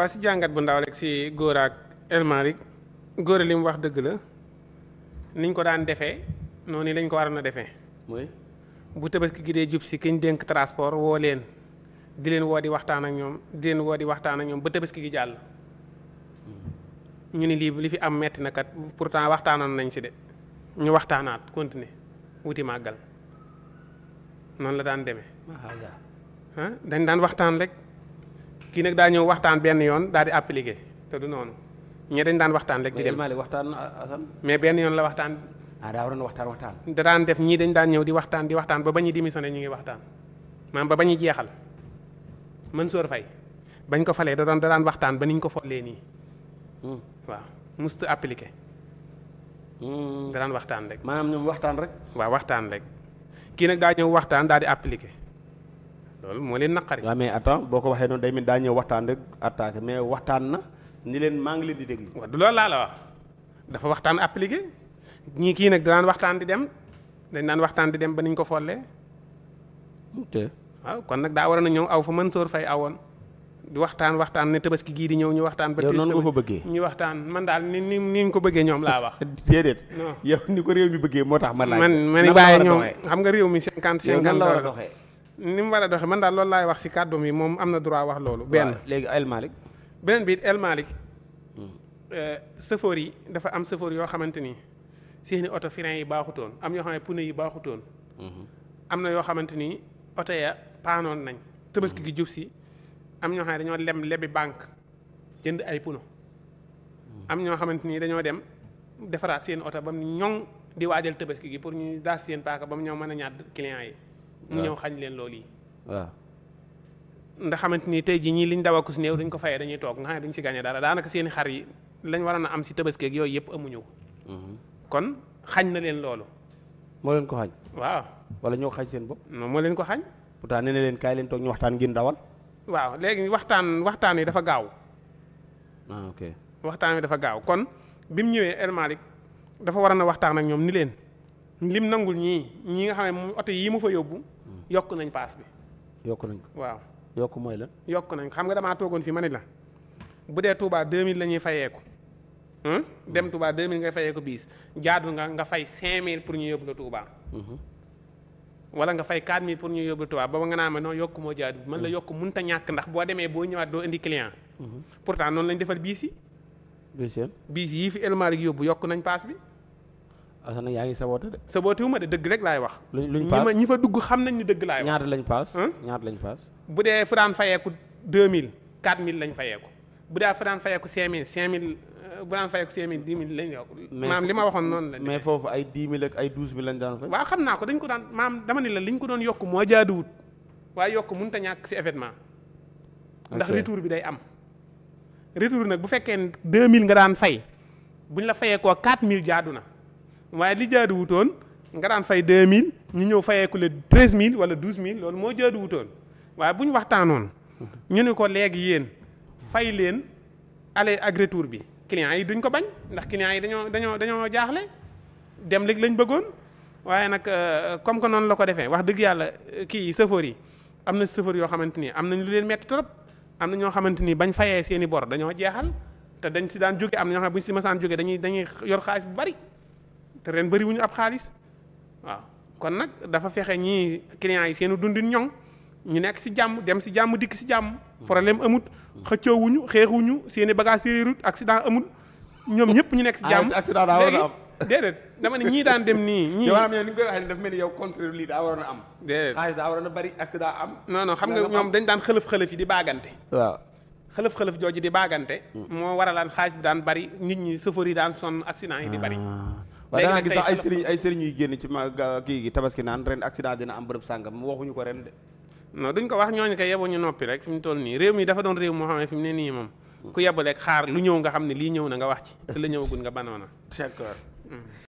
waa si jàngat bu ndaw rek si góor ak elmarik góor li mu wax dëgg la niñ ko daan defee noonu lañ ko waroon na defee. mooy. bu tabaski gi dee jub si kiñ dénk transport woo leen di leen woo di waxtaan ak ñoom di leen woo di waxtaan ak ñoom ba tabaski gi jàll. ñu ni lii li fi am metti na kat pourtant waxtaanoon nañ si de ñu waxtaanaat continuer wuti màggal noonu la daan demee. dañ daan waxtaan rek. kii nag daa ñëw waxtaan benn yoon daal di appliqué te du noonu ñee dañ daan waxtaan rek di dem waxtaan Assane mais benn yoon la waxtaan ah daa waxtaan waxtaan da ñii dañ daan ñëw di waxtaan di waxtaan ba ba ñuy démissionné ngi waxtaan maam ba ba ñuy jeexal Mansour Faye bañ ko falee da doon waxtaan ba niñ ko follee nii hmm. waaw must appliqué hmm. da daan waxtaan rek maanaam ñoom waxtaan rek waa waxtaan rek kii nag daa ñëw waxtaan daal di appliqué loolu moo leen naqari. waaw mais attends boo ko waxee noonu day mel daa ñëw waxtaan rek attaqué mais waxtaan na ni leen maa ngi leen di dégg waaw du loolu laa la wax dafa waxtaan appliqué ñii kii nag danaan waxtaan di dem dañ naan waxtaan di dem ba niñ ko follee. te waaw kon nag daa war a ñëw aw fa man Mansour Faye awoon. di waxtaan waxtaan ne tabaski gii di ñëw ñu waxtaan. ba noonu nga ko bëggee ñu waxtaan man daal ni ni ni ñu ko bëggee ñoom laa wax. déedéet yow ni ko réew mi bëggee moo tax ma laaj. man man waaye ñoom xam nga réew mi cinquante cinquante. yow nan la war ni mu war a doxee man daal loolu laay wax si kàddu mi moom am na droit wax loolu. benn léegi El beneen bi it El Malick. sëfoor hmm. euh, yi dafa am sëfoor yoo xamante ni seeni oto frein yi baaxutoon am yoo xam ne pneu yi baaxutoon. Hmm. am na yoo xamante ni oto ya paanoon nañ. tabaski hmm. gi jub si am ñoo xam dañoo lem lebi banque jënd ay pneu. am ñoo xamante ni dañoo dem defaraat seen oto ba mu ñoŋ di waajal tabaski gi pour ñuy daas seen paaka ba mu ñoŋ mën a ñaat client yi. mu ñëw xañ leen loolu yi waaw ndax xamante ni tey jii ñii liñ daw ko si new duñ ko fayee dañuy toog nga xam duñ si gagné dara daanaka seen i xar yi lañ waroon a am si tabaskeeg yooyu yëpp amuñu ko mhm. kon xañ na leen loolu moo leen ko xañ waaw wala ñoo xañ seen bopp moom moo leen ko xañ pourtant nee na leen kaay leen toog ñu waxtaan ngeen dawal waaw léegi waxtaan waxtaan wi dafa gaaw ah, ok waxtaan wi dafa gaaw kon bi mu ñëwee El dafa waroon a waxtaan ak ñoom ni leen lim nangul ñii ñi nga xam ne oto yii mu fa yóbbu hmm. yokk nañ paas bi yokk nañ ko waaw yokk mooy la yokk nañ ko xam nga damaa toogoon fi ma ne la bu dee Touba 2000 la ñuy fayeeku hmm? Hmm. dem Touba nga fayee ko biis jaadu nga nga fay 5000 pour ñu yóbbu la Touba wala nga fay 4000 pour ñu yóbbu la ba booba nga naa ma noon yokk moo jaadu man la yokk mun munta ñàkk ndax boo demee boo ñëwaat doo indi client pourtant noonu lañ defal biis yi biis yi fi Elmalick yóbbu yokk nañ paas bi Assane yaa ngi saboote de. saboote wu ma de dëgg rek laay wax. luñ paas ñi ma ñi fa dugg xam nañ ni dëgg laay wax. ñaata lañ paas. ñaata lañ paas. bu dee Franc fayeeku 2000 4000 lañ fayeeku bu dee Franc bu daan fayeeku 5000 10000 euh, lañ wax. maam li ma waxoon noonu la. mais foofu ay 10000 ak ay 12000 lañ daan fay. waaw xam naa ko dañ ko daan maam dama ni la liñ ko doon yokk moo jaaduwut waaye yokk mënut a ñàkk si événement. ndax retour bi day am. retour nag bu fekkee deux 2000 nga daan fay buñ la fayee koo 4000 jaadu na waaye li jaaduwutoon nga daan fay 2000 ñu ñëw fayeeku le 13000 wala 12000 loolu moo jaaduwutoon waaye bu ñu waxtaanoon ñu ne ko léegi yéen fay leen aller ak retour bi clients yi duñ ko bañ ndax clients yi dañoo dañoo dañoo jaaxle dem léegi lañ bëggoon waaye nag euh, comme que noonu la ko defee wax dëgg yàlla euh, kii sëfoor yi am na sëfoor yoo xamante ni am nañ lu leen metti trop am na ñoo xamante ni bañ fayee seeni bor dañoo jeexal te dañ si daan jóge am na ñoo xam ne bu jóge dañuy dañuy yor xaalis bu bari te ren bëri ab xaalis waaw kon nag dafa fexe ñii clients yi seenu dundin ñoŋ ñu nekk si jàmm dem si jàmm dikk si jàmm problème amut xëccoowuñu xeexuñu seeni bagage réerut accident amut ñoom ñëpp ñu nekk si ah, jàmm accident daa waroon a am déedéet ñii daan dem nii ñii yow ni nga koy waxee yow contraire lii daa waroon a am déedéet xaalis daa waroon a bari accident am non non xam nga ñoom dañ daan xëlëf-xëlëf yi di baagante waaw xëlëf-xëlëf jooju di baagante hmm. moo waralaan xaalis bi daan bari nit ñi sëfër yi daan sonn accident yi di waaye da gis sax ay sëriñ ay sëriñ génn ci ma kii gi tabaski naan ren accident dina am bërëb sàngam waxuñu ko ren de non duñ ko wax ñooñu kay yeboo ñu noppi rek fi mu toll nii réew mi dafa doon réew moo xam ne fi mu ne nii moom ku yebaleeg xaar lu ñëw nga xam ne lii ñëw na nga wax ci te la ñëwagul nga banoona d'accord mm.